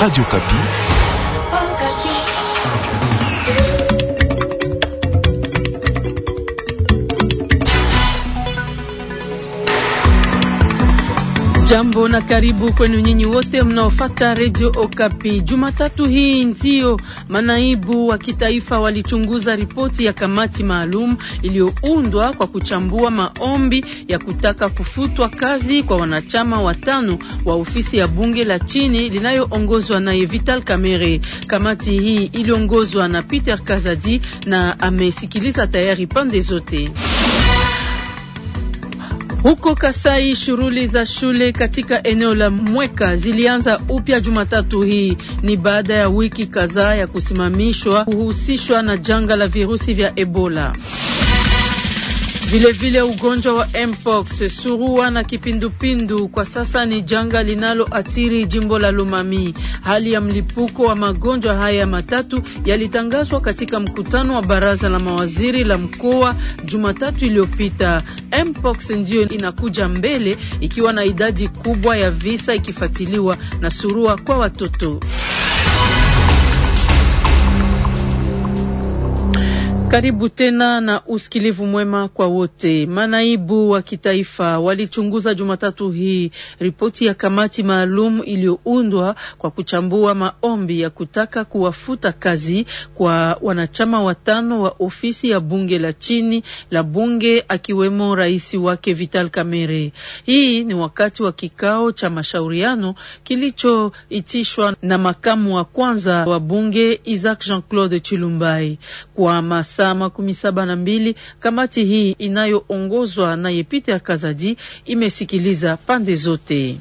Radio Capi. Jambo na karibu kwenu nyinyi wote mnaofata radio Okapi. Jumatatu hii ndiyo manaibu wa kitaifa walichunguza ripoti ya kamati maalum iliyoundwa kwa kuchambua maombi ya kutaka kufutwa kazi kwa wanachama watano wa ofisi ya bunge la chini linayoongozwa naye Vital Kamerhe. Kamati hii iliongozwa na Peter Kazadi na amesikiliza tayari pande zote. Huko Kasai shughuli za shule katika eneo la Mweka zilianza upya Jumatatu hii. Ni baada ya wiki kadhaa ya kusimamishwa kuhusishwa na janga la virusi vya Ebola. Vilevile vile ugonjwa wa mpox, surua na kipindupindu kwa sasa ni janga linaloathiri jimbo la Lumami. Hali ya mlipuko wa magonjwa haya matatu yalitangazwa katika mkutano wa baraza la mawaziri la mkoa Jumatatu iliyopita. Mpox ndiyo inakuja mbele ikiwa na idadi kubwa ya visa ikifuatiliwa na surua kwa watoto. Karibu tena na usikilivu mwema kwa wote. Manaibu wa kitaifa walichunguza Jumatatu hii ripoti ya kamati maalum iliyoundwa kwa kuchambua maombi ya kutaka kuwafuta kazi kwa wanachama watano wa ofisi ya bunge la chini la bunge akiwemo rais wake Vital Kamerhe. Hii ni wakati wa kikao cha mashauriano kilichoitishwa na makamu wa kwanza wa bunge Isaac Jean-Claude Chilumbai kwa masa saa makumi saba na mbili kamati hii inayoongozwa na Yepiter Kazadi imesikiliza pande zote.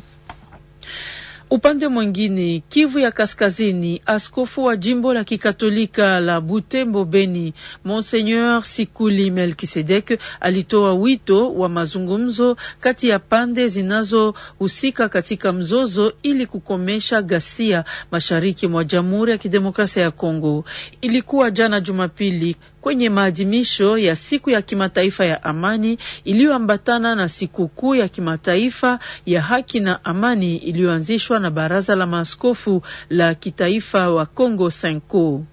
Upande mwingine, Kivu ya Kaskazini, askofu wa jimbo la kikatolika la Butembo Beni, Monseigneur Sikuli Melkisedek alitoa wito wa mazungumzo kati ya pande zinazohusika katika mzozo ili kukomesha ghasia mashariki mwa Jamhuri ya Kidemokrasia ya Kongo. Ilikuwa jana Jumapili kwenye maadhimisho ya siku ya kimataifa ya amani iliyoambatana na sikukuu ya kimataifa ya haki na amani iliyoanzishwa na Baraza la Maaskofu la Kitaifa wa congo Sanko.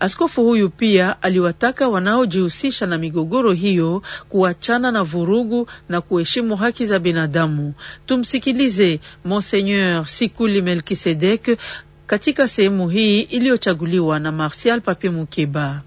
Askofu huyu pia aliwataka wanaojihusisha na migogoro hiyo kuachana na vurugu na kuheshimu haki za binadamu. Tumsikilize Monseigneur Sikuli Melkisedek katika sehemu hii iliyochaguliwa na Martial Pape Mukeba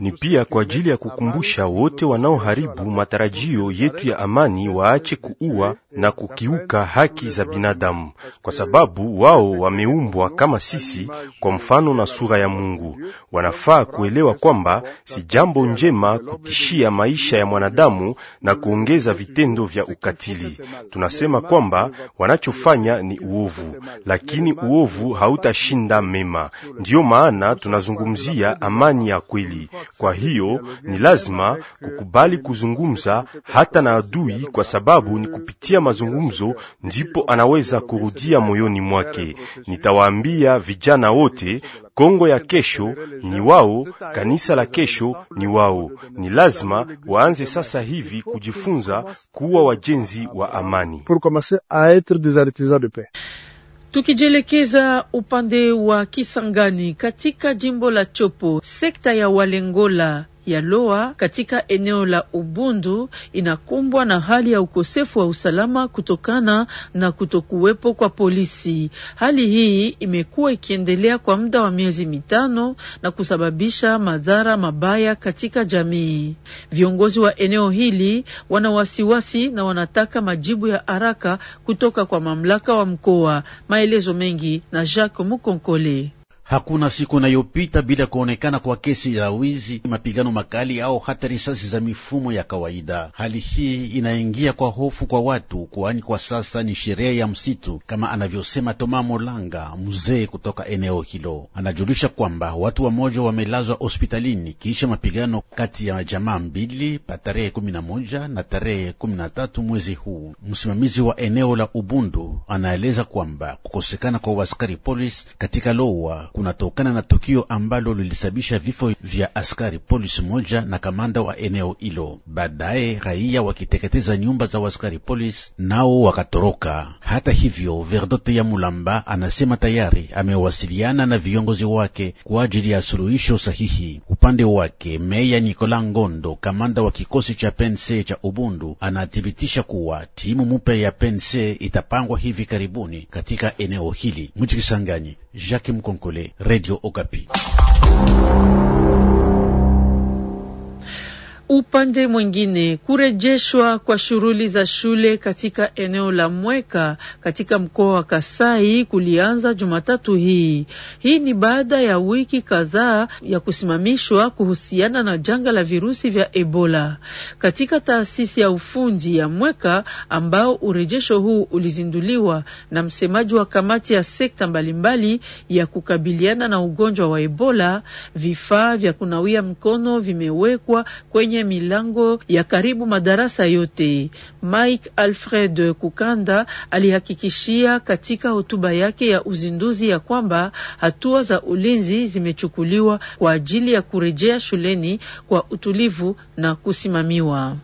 ni pia kwa ajili ya kukumbusha wote wanaoharibu matarajio yetu ya amani waache kuua na kukiuka haki za binadamu, kwa sababu wao wameumbwa kama sisi kwa mfano na sura ya Mungu. Wanafaa kuelewa kwamba si jambo njema kutishia maisha ya mwanadamu na kuongeza vitendo vya ukatili. Tunasema kwamba wanachofanya ni uovu, lakini uovu hautashinda mema. Ndiyo maana tunazungumzia njia amani ya kweli. Kwa hiyo ni lazima kukubali kuzungumza hata na adui, kwa sababu ni kupitia mazungumzo ndipo anaweza kurudia moyoni mwake. Nitawaambia vijana wote, Kongo ya kesho ni wao, kanisa la kesho ni wao. Ni lazima waanze sasa hivi kujifunza kuwa wajenzi wa amani. Tukijielekeza upande wa Kisangani katika jimbo la Chopo, sekta ya Walengola, ya Loa katika eneo la Ubundu inakumbwa na hali ya ukosefu wa usalama kutokana na kutokuwepo kwa polisi. Hali hii imekuwa ikiendelea kwa muda wa miezi mitano na kusababisha madhara mabaya katika jamii. Viongozi wa eneo hili wana wasiwasi na wanataka majibu ya haraka kutoka kwa mamlaka wa mkoa. Maelezo mengi na Jacques Mukonkole. Hakuna siku inayopita bila kuonekana kwa kesi ya wizi, mapigano makali au hata risasi za mifumo ya kawaida. Hali hii inaingia kwa hofu kwa watu, kwani kwa sasa ni sheria ya msitu, kama anavyosema Toma Molanga, mzee kutoka eneo hilo. Anajulisha kwamba watu wamoja wamelazwa hospitalini kisha mapigano kati ya jamaa mbili pa tarehe kumi na moja na tarehe kumi na tatu mwezi huu. Msimamizi wa eneo la Ubundu anaeleza kwamba kukosekana kwa waskari polisi katika Lowa kunatokana na tukio ambalo lilisababisha vifo vya askari polisi moja na kamanda wa eneo hilo. Baadaye raia wakiteketeza nyumba za waskari polisi nao wakatoroka. Hata hivyo, Verdote ya Mulamba anasema tayari amewasiliana na viongozi wake kwa ajili ya suluhisho sahihi. Upande wake, meya Nikola Ngondo, kamanda wa kikosi cha pense cha Ubundu, anathibitisha kuwa timu mupya ya pense itapangwa hivi karibuni katika eneo hili. Mji Jacques Mkonkole, Radio Okapi. Upande mwingine, kurejeshwa kwa shughuli za shule katika eneo la Mweka katika mkoa wa Kasai kulianza Jumatatu hii. Hii ni baada ya wiki kadhaa ya kusimamishwa kuhusiana na janga la virusi vya Ebola. Katika taasisi ya ufundi ya Mweka ambao urejesho huu ulizinduliwa na msemaji wa kamati ya sekta mbalimbali ya kukabiliana na ugonjwa wa Ebola, vifaa vya kunawia mkono vimewekwa kwenye kwenye milango ya karibu madarasa yote. Mike Alfred Kukanda alihakikishia katika hotuba yake ya uzinduzi ya kwamba hatua za ulinzi zimechukuliwa kwa ajili ya kurejea shuleni kwa utulivu na kusimamiwa.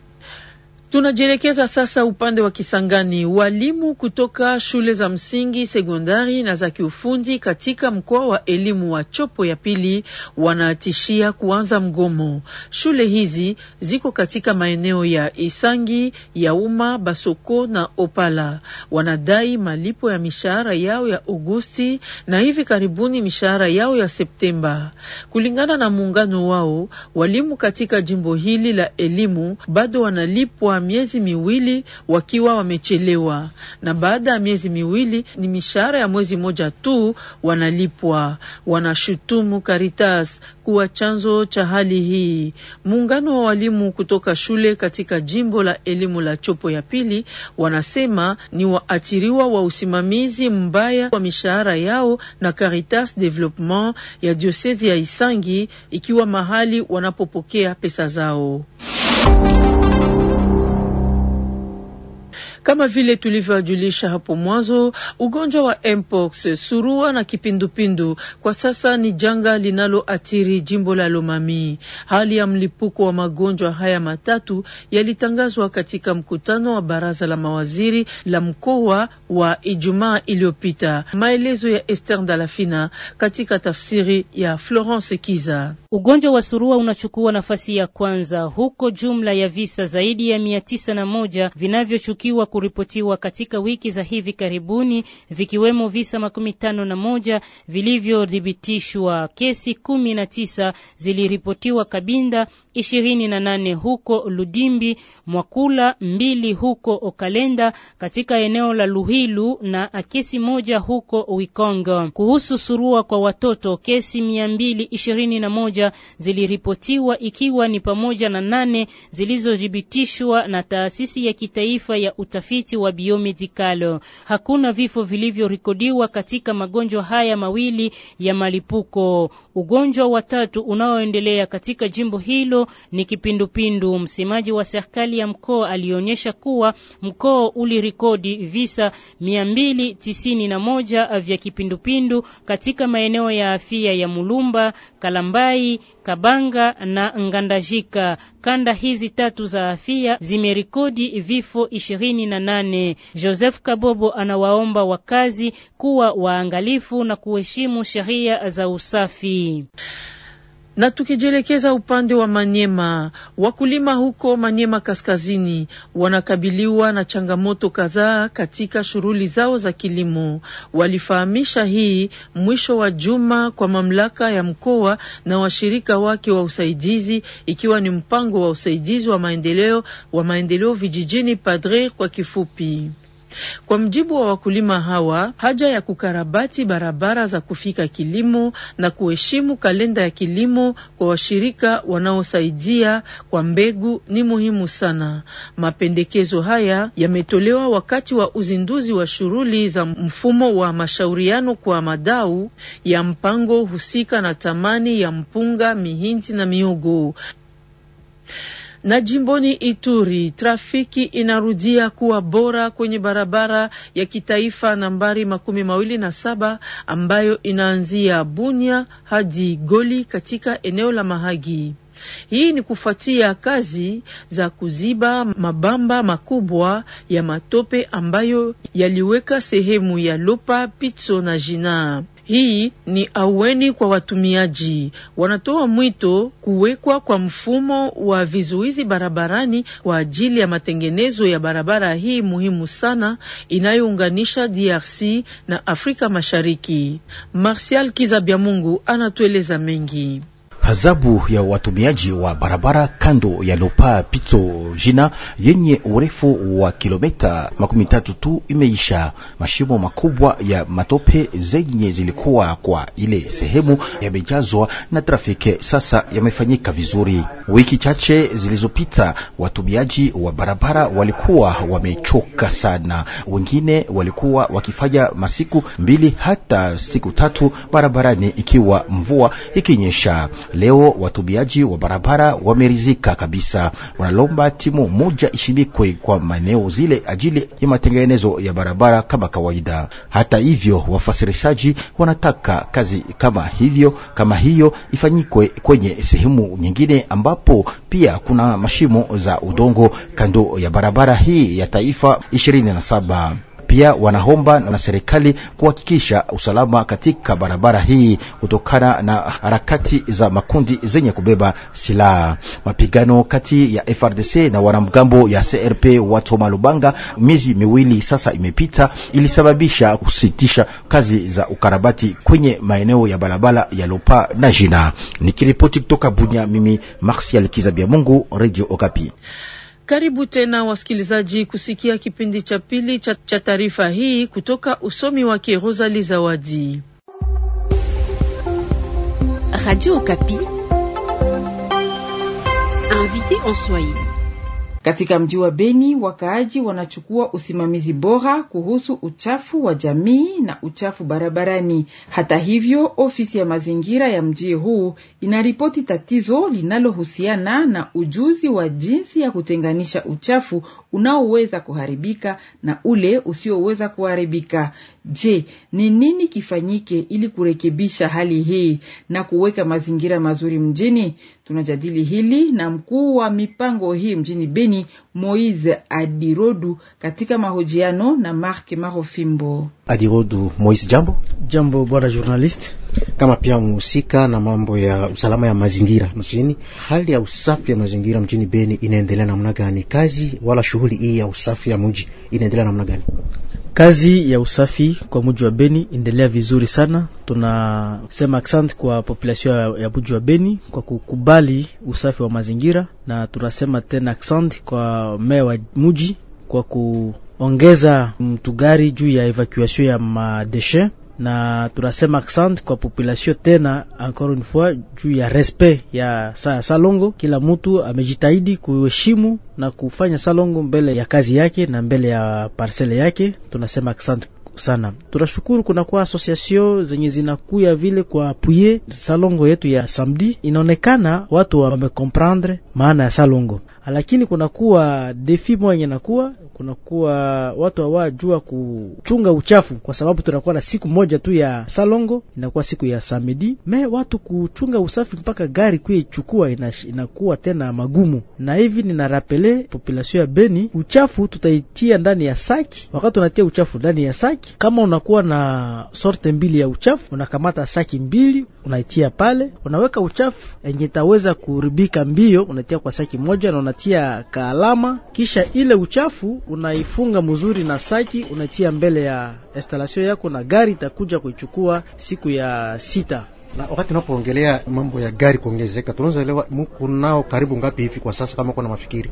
Tunajielekeza sasa upande wa Kisangani. Walimu kutoka shule za msingi, sekondari na za kiufundi katika mkoa wa elimu wa Chopo ya pili wanatishia kuanza mgomo. Shule hizi ziko katika maeneo ya Isangi, Yauma, Basoko na Opala. Wanadai malipo ya mishahara yao ya Agosti na hivi karibuni mishahara yao ya Septemba. Kulingana na muungano wao, walimu katika jimbo hili la elimu bado wanalipwa miezi miwili wakiwa wamechelewa, na baada ya miezi miwili ni mishahara ya mwezi moja tu wanalipwa. Wanashutumu Caritas kuwa chanzo cha hali hii. Muungano wa walimu kutoka shule katika jimbo la elimu la Chopo ya pili wanasema ni waathiriwa wa usimamizi mbaya wa mishahara yao na Caritas Development ya diosezi ya Isangi, ikiwa mahali wanapopokea pesa zao. Kama vile tulivyojulisha hapo mwanzo, ugonjwa wa mpox, surua na kipindupindu kwa sasa ni janga linaloathiri jimbo la Lomami. Hali ya mlipuko wa magonjwa haya matatu yalitangazwa katika mkutano wa baraza la mawaziri la mkoa wa Ijumaa iliyopita. Maelezo ya Esther Dalafina katika tafsiri ya Florence Kiza. Ugonjwa wa surua unachukua nafasi ya kwanza huko, jumla ya visa zaidi ya mia tisa na moja vinavyochukiwa kuripotiwa katika wiki za hivi karibuni, vikiwemo visa makumi tano na moja vilivyothibitishwa. Kesi kumi na tisa ziliripotiwa Kabinda, ishirini na nane huko Ludimbi, Mwakula mbili huko Okalenda katika eneo la Luhilu na kesi moja huko Wikongo. Kuhusu surua kwa watoto, kesi mia mbili ishirini na moja ziliripotiwa ikiwa ni pamoja na nane zilizothibitishwa na taasisi ya kitaifa ya utafiti utafiti wa biomedikalo. Hakuna vifo vilivyorekodiwa katika magonjwa haya mawili ya malipuko. Ugonjwa wa tatu unaoendelea katika jimbo hilo ni kipindupindu. Msemaji wa serikali ya mkoa alionyesha kuwa mkoa ulirekodi visa 291 vya kipindupindu katika maeneo ya afya ya Mulumba, Kalambai, Kabanga na Ngandajika. Kanda hizi tatu za afya zimerekodi vifo ishirini na nane. Joseph Kabobo anawaomba wakazi kuwa waangalifu na kuheshimu sheria za usafi. Na tukijielekeza upande wa Manyema, wakulima huko Manyema kaskazini wanakabiliwa na changamoto kadhaa katika shughuli zao za kilimo. Walifahamisha hii mwisho wa juma kwa mamlaka ya mkoa na washirika wake wa usaidizi, ikiwa ni mpango wa usaidizi wa maendeleo wa maendeleo vijijini, PADRE kwa kifupi. Kwa mjibu wa wakulima hawa, haja ya kukarabati barabara za kufika kilimo na kuheshimu kalenda ya kilimo kwa washirika wanaosaidia kwa mbegu ni muhimu sana. Mapendekezo haya yametolewa wakati wa uzinduzi wa shughuli za mfumo wa mashauriano kwa madau ya mpango husika na thamani ya mpunga, mihindi na miogo. Na jimboni Ituri, trafiki inarudia kuwa bora kwenye barabara ya kitaifa nambari makumi mawili na saba ambayo inaanzia Bunia hadi Goli katika eneo la Mahagi. Hii ni kufuatia kazi za kuziba mabamba makubwa ya matope ambayo yaliweka sehemu ya Lopa Pitso na jinaa hii ni aweni kwa watumiaji. Wanatoa mwito kuwekwa kwa mfumo wa vizuizi barabarani kwa ajili ya matengenezo ya barabara hii muhimu sana inayounganisha DRC na Afrika Mashariki. Martial Kizabiamungu anatueleza mengi. Hazabu ya watumiaji wa barabara kando ya Lopa Pito jina yenye urefu wa kilometa makumi tatu tu imeisha. Mashimo makubwa ya matope zenye zilikuwa kwa ile sehemu yamejazwa na trafiki, sasa yamefanyika vizuri. Wiki chache zilizopita, watumiaji wa barabara walikuwa wamechoka sana, wengine walikuwa wakifanya masiku mbili hata siku tatu barabarani ikiwa mvua ikinyesha. Leo watumiaji wa barabara wamerizika kabisa, wanalomba timu moja ishimikwe kwa maeneo zile ajili ya matengenezo ya barabara kama kawaida. Hata hivyo, wafasirishaji wanataka kazi kama hivyo kama hiyo ifanyikwe kwenye sehemu nyingine ambapo pia kuna mashimo za udongo kando ya barabara hii ya taifa 27 pia wanaomba na serikali kuhakikisha usalama katika barabara hii kutokana na harakati za makundi zenye kubeba silaha. Mapigano kati ya FRDC na wanamgambo ya CRP Watoma Lubanga miezi miwili sasa imepita, ilisababisha kusitisha kazi za ukarabati kwenye maeneo ya barabara ya Lopa na Jina. Nikiripoti kutoka Bunya, mimi Marsial Kizabia Mungu, Radio Okapi. Karibu tena wasikilizaji, kusikia kipindi cha pili cha taarifa hii kutoka usomi wake Rosali Zawadi, Radio Okapi, invité en Swahili. Katika mji wa Beni, wakaaji wanachukua usimamizi bora kuhusu uchafu wa jamii na uchafu barabarani. Hata hivyo, ofisi ya mazingira ya mji huu inaripoti tatizo linalohusiana na ujuzi wa jinsi ya kutenganisha uchafu unaoweza kuharibika na ule usioweza kuharibika. Je, ni nini kifanyike ili kurekebisha hali hii na kuweka mazingira mazuri mjini? Tunajadili hili na mkuu wa mipango hii mjini Beni, Moise Adirodu, katika mahojiano na Mark Marofimbo. Adirodu Moise, jambo. Jambo bwana journalist, kama pia mhusika na mambo ya usalama ya mazingira mjini. Hali ya usafi ya mazingira mjini Beni inaendelea namna gani? Kazi wala shughuli hii ya usafi ya mji inaendelea namna gani? Kazi ya usafi kwa muji wa Beni endelea vizuri sana. Tunasema asante kwa population ya muji wa Beni kwa kukubali usafi wa mazingira, na tunasema tena asante kwa meya wa muji kwa kuongeza mtugari juu ya evacuation ya madeshe na tunasema accent kwa population tena encore une fois juu ya respect ya saa Salongo. Kila mtu amejitahidi kuheshimu na kufanya Salongo mbele ya kazi yake na mbele ya parcele yake, tunasema accent sana. Tunashukuru kunakuwa association zenye zinakuya vile kwa apuye Salongo yetu ya samedi. Inaonekana watu wamecomprendre maana ya salongo, lakini kunakuwa defi moja nakuwa kunakuwa watu hawajua kuchunga uchafu, kwa sababu tunakuwa na siku moja tu ya salongo, inakuwa siku ya samedi. Me watu kuchunga usafi mpaka gari kuichukua inakuwa tena magumu, na hivi ninarapele population ya Beni, uchafu tutaitia ndani ya saki. Wakati unatia uchafu ndani ya saki, kama unakuwa na sorte mbili ya uchafu, unakamata saki mbili unaitia pale, unaweka uchafu enye itaweza kuribika mbio una unatia kwa saki moja na unatia kaalama, kisha ile uchafu unaifunga mzuri na saki, unatia mbele ya instalasio yako na gari itakuja kuichukua siku ya sita. Na wakati unapoongelea mambo ya gari kuongezeka, tunazoelewa mko nao karibu ngapi hivi kwa sasa, kama kuna mafikiri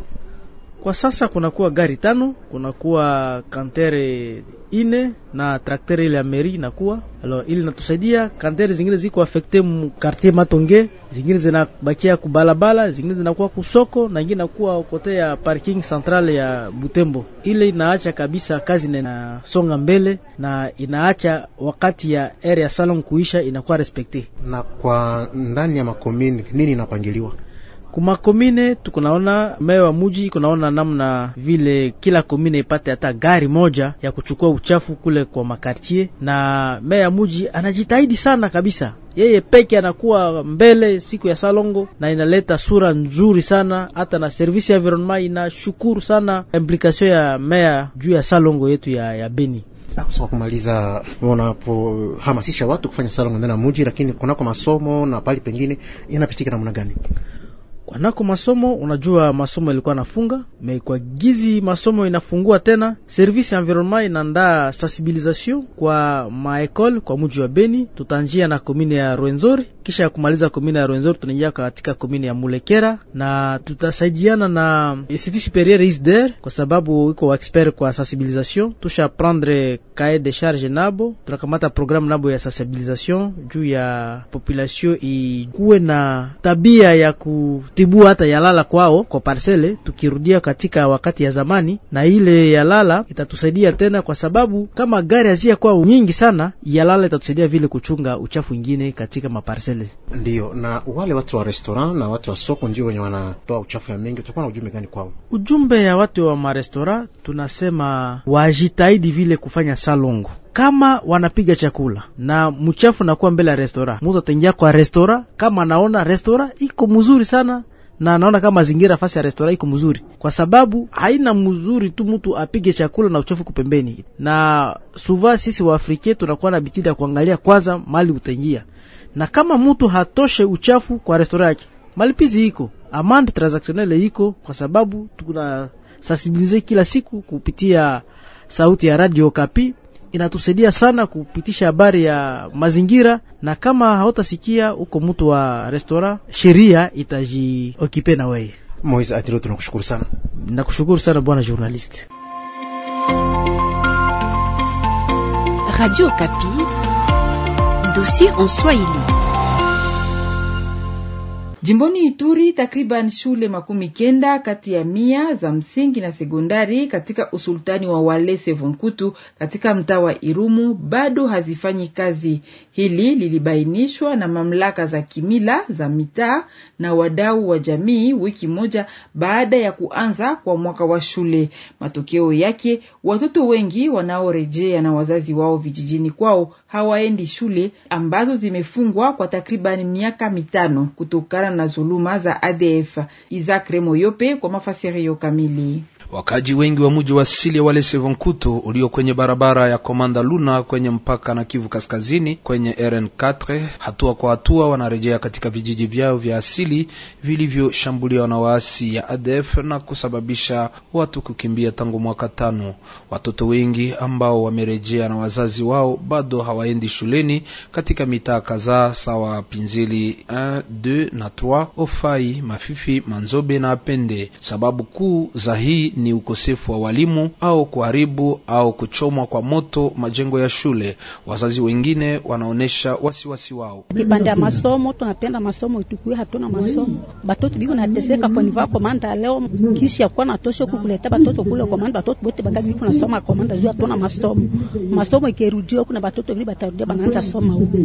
kwa sasa kunakuwa gari tano, kunakuwa kantere ine na traktere ile ya meri inakuwa alo, ili natusaidia. Kantere zingine ziko afekte mu quartier Matonge, zingine zinabakia kubalabala, zingine zinakuwa kusoko na ingine nakuwa kote ya parking central ya Butembo. Ile inaacha kabisa kazi songa mbele na inaacha wakati ya area salon kuisha inakuwa respekte. Na kwa ndani ya makomini nini inapangiliwa? kumakomine tukunaona meya wa muji kunaona namna vile kila komine ipate hata gari moja ya kuchukua uchafu kule kwa makartier, na meya ya muji anajitahidi sana kabisa yeye peke anakuwa mbele siku ya Salongo na inaleta sura nzuri sana. Hata na servisi ya environment inashukuru sana implikasio ya meya juu ya Salongo yetu ya, ya Beni. Kusema kumaliza, wanapohamasisha watu kufanya Salongo ndani ya muji, lakini kunako masomo na pali pengine inapitika namna gani? Kwanako masomo, unajua masomo ilikuwa nafunga me kwa gizi masomo inafungua tena. Service environnement inaandaa sensibilisation kwa maekole kwa muji wa Beni, tutanjia na komine ya Rwenzori kisha ya kumaliza komini ya Rwenzori tunaingia katika komini ya Mulekera na tutasaidiana na Institut Superieur ISDER kwa sababu iko wa expert kwa sensibilisation. Tusha prendre cahier de charge nabo, tunakamata programme nabo ya sensibilisation juu ya population ikuwe na tabia ya kutibua hata yalala kwao kwa parcele, tukirudia katika wakati ya zamani, na ile yalala itatusaidia tena, kwa sababu kama gari hazia kwao nyingi sana, yalala itatusaidia vile kuchunga uchafu ingine katika maparcele hoteli. Ndio, na wale watu wa restaurant na watu wa soko ndio wenye wanatoa uchafu ya mingi, utakuwa na ujumbe gani kwao? Ujumbe ya watu wa marestora tunasema wajitahidi vile kufanya salongo kama wanapiga chakula na mchafu nakuwa mbele ya restaurant, mtu ataingia kwa restaurant kama anaona restaurant iko mzuri sana na naona kama mazingira fasi ya restaurant iko mzuri, kwa sababu haina mzuri tu mtu apige chakula na uchafu kupembeni. Na suva sisi Afrika tunakuwa na bitida ya kuangalia kwanza mali utaingia, na kama mutu hatoshe uchafu kwa restora yake, malipizi iko, amande transaksionele iko, kwa sababu tuna sensibilize kila siku kupitia sauti ya Radio Kapi inatusaidia sana kupitisha habari ya mazingira, na kama hautasikia huko mtu wa restora, sheria itajiokipe na wewe. Moise Atilo, tunakushukuru sana. Nakushukuru sana bwana journaliste. Radio Kapi. aussi en il. Jimboni Ituri takriban shule makumi kenda kati ya mia za msingi na sekondari katika usultani wa Walese Vunkutu katika mtaa wa Irumu bado hazifanyi kazi. Hili lilibainishwa na mamlaka za kimila za mitaa na wadau wa jamii wiki moja baada ya kuanza kwa mwaka wa shule. Matokeo yake watoto wengi wanaorejea na wazazi wao vijijini kwao hawaendi shule ambazo zimefungwa kwa takriban miaka mitano kutokana na zuluma za ADF. Isaac Remoyope kwa mafasirio kamili. Wakaji wengi wa mji wa asili wa Walese Vonkutu ulio kwenye barabara ya Komanda Luna kwenye mpaka na Kivu Kaskazini kwenye RN4, hatua kwa hatua wanarejea katika vijiji vyao vya asili vilivyoshambuliwa na waasi ya ADF na kusababisha watu kukimbia tangu mwaka tano. Watoto wengi ambao wamerejea na wazazi wao bado hawaendi shuleni katika mitaa kadhaa sawa Pinzili 1, 2 na 3, Ofai, Mafifi, Manzobe na Apende. Sababu kuu za hii ni ukosefu wa walimu au kuharibu au kuchomwa kwa moto majengo ya shule. Wazazi wengine wanaonyesha wasiwasi wao kipande ya masomo. Tunapenda masomo itukue, hatuna masomo, batoto biko nateseka kwa niva komanda leo kisi ya yakuwa natosha kukuleta batoto kule komanda, batoto bote bakazi kuna soma komanda juu hatuna masomo. Masomo ikirudia kuna batoto vile batarudia banaanza soma huko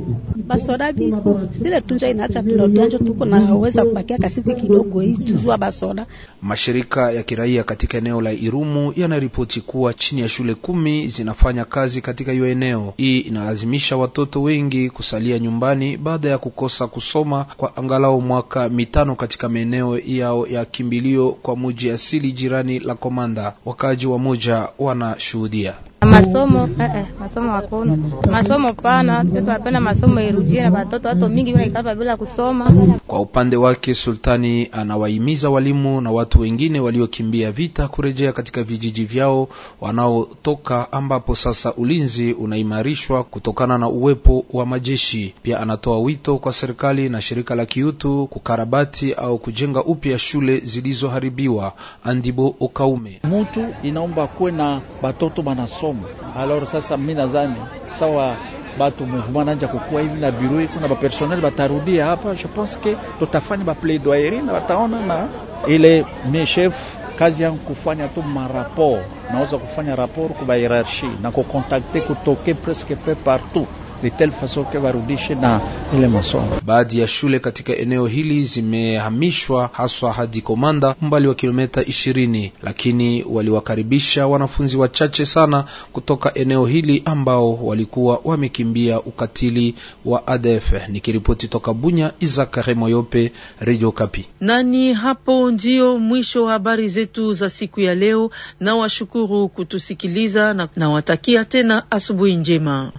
basoda biko sile tunja inaacha tunarudia njo tuko naweza kubakia kasiku kidogo hii tuzua basoda mashirika ya kiraia katika eneo la Irumu yanaripoti kuwa chini ya shule kumi zinafanya kazi katika hiyo eneo. Hii inalazimisha watoto wengi kusalia nyumbani baada ya kukosa kusoma kwa angalau mwaka mitano katika maeneo yao ya kimbilio, kwa muji asili jirani la Komanda. Wakaaji wa moja wanashuhudia Masomo eh, eh, masomo hakuna masomo pana, watoto masomo irudie, na watoto watu mingi wanaikava bila kusoma. Kwa upande wake, Sultani anawahimiza walimu na watu wengine waliokimbia vita kurejea katika vijiji vyao wanaotoka, ambapo sasa ulinzi unaimarishwa kutokana na uwepo wa majeshi. Pia anatoa wito kwa serikali na shirika la kiutu kukarabati au kujenga upya shule zilizoharibiwa. Andibo Okaume, mtu inaomba kuwe na batoto banaso masomo. Alors sasa mimi nadhani sawa batu mouvement nanja kukua hivi na biro iko na bapersonel batarudia hapa, je pense que tutafanya ba plaidoyerie na bataona, na ile mi chef kazi yangu kufanya tu marapport, naweza kufanya rapport kuba hierarchie na kukontakte kutoke presque pe partout de telle façon que warudishe na ile masomo. Baadhi ya shule katika eneo hili zimehamishwa haswa hadi Komanda, umbali wa kilomita ishirini, lakini waliwakaribisha wanafunzi wachache sana kutoka eneo hili ambao walikuwa wamekimbia ukatili wa ADF. Nikiripoti toka Bunya, Izakare Moyope, Radio Kapi. Nani hapo ndio mwisho wa habari zetu za siku ya leo, na washukuru kutusikiliza na nawatakia tena asubuhi njema.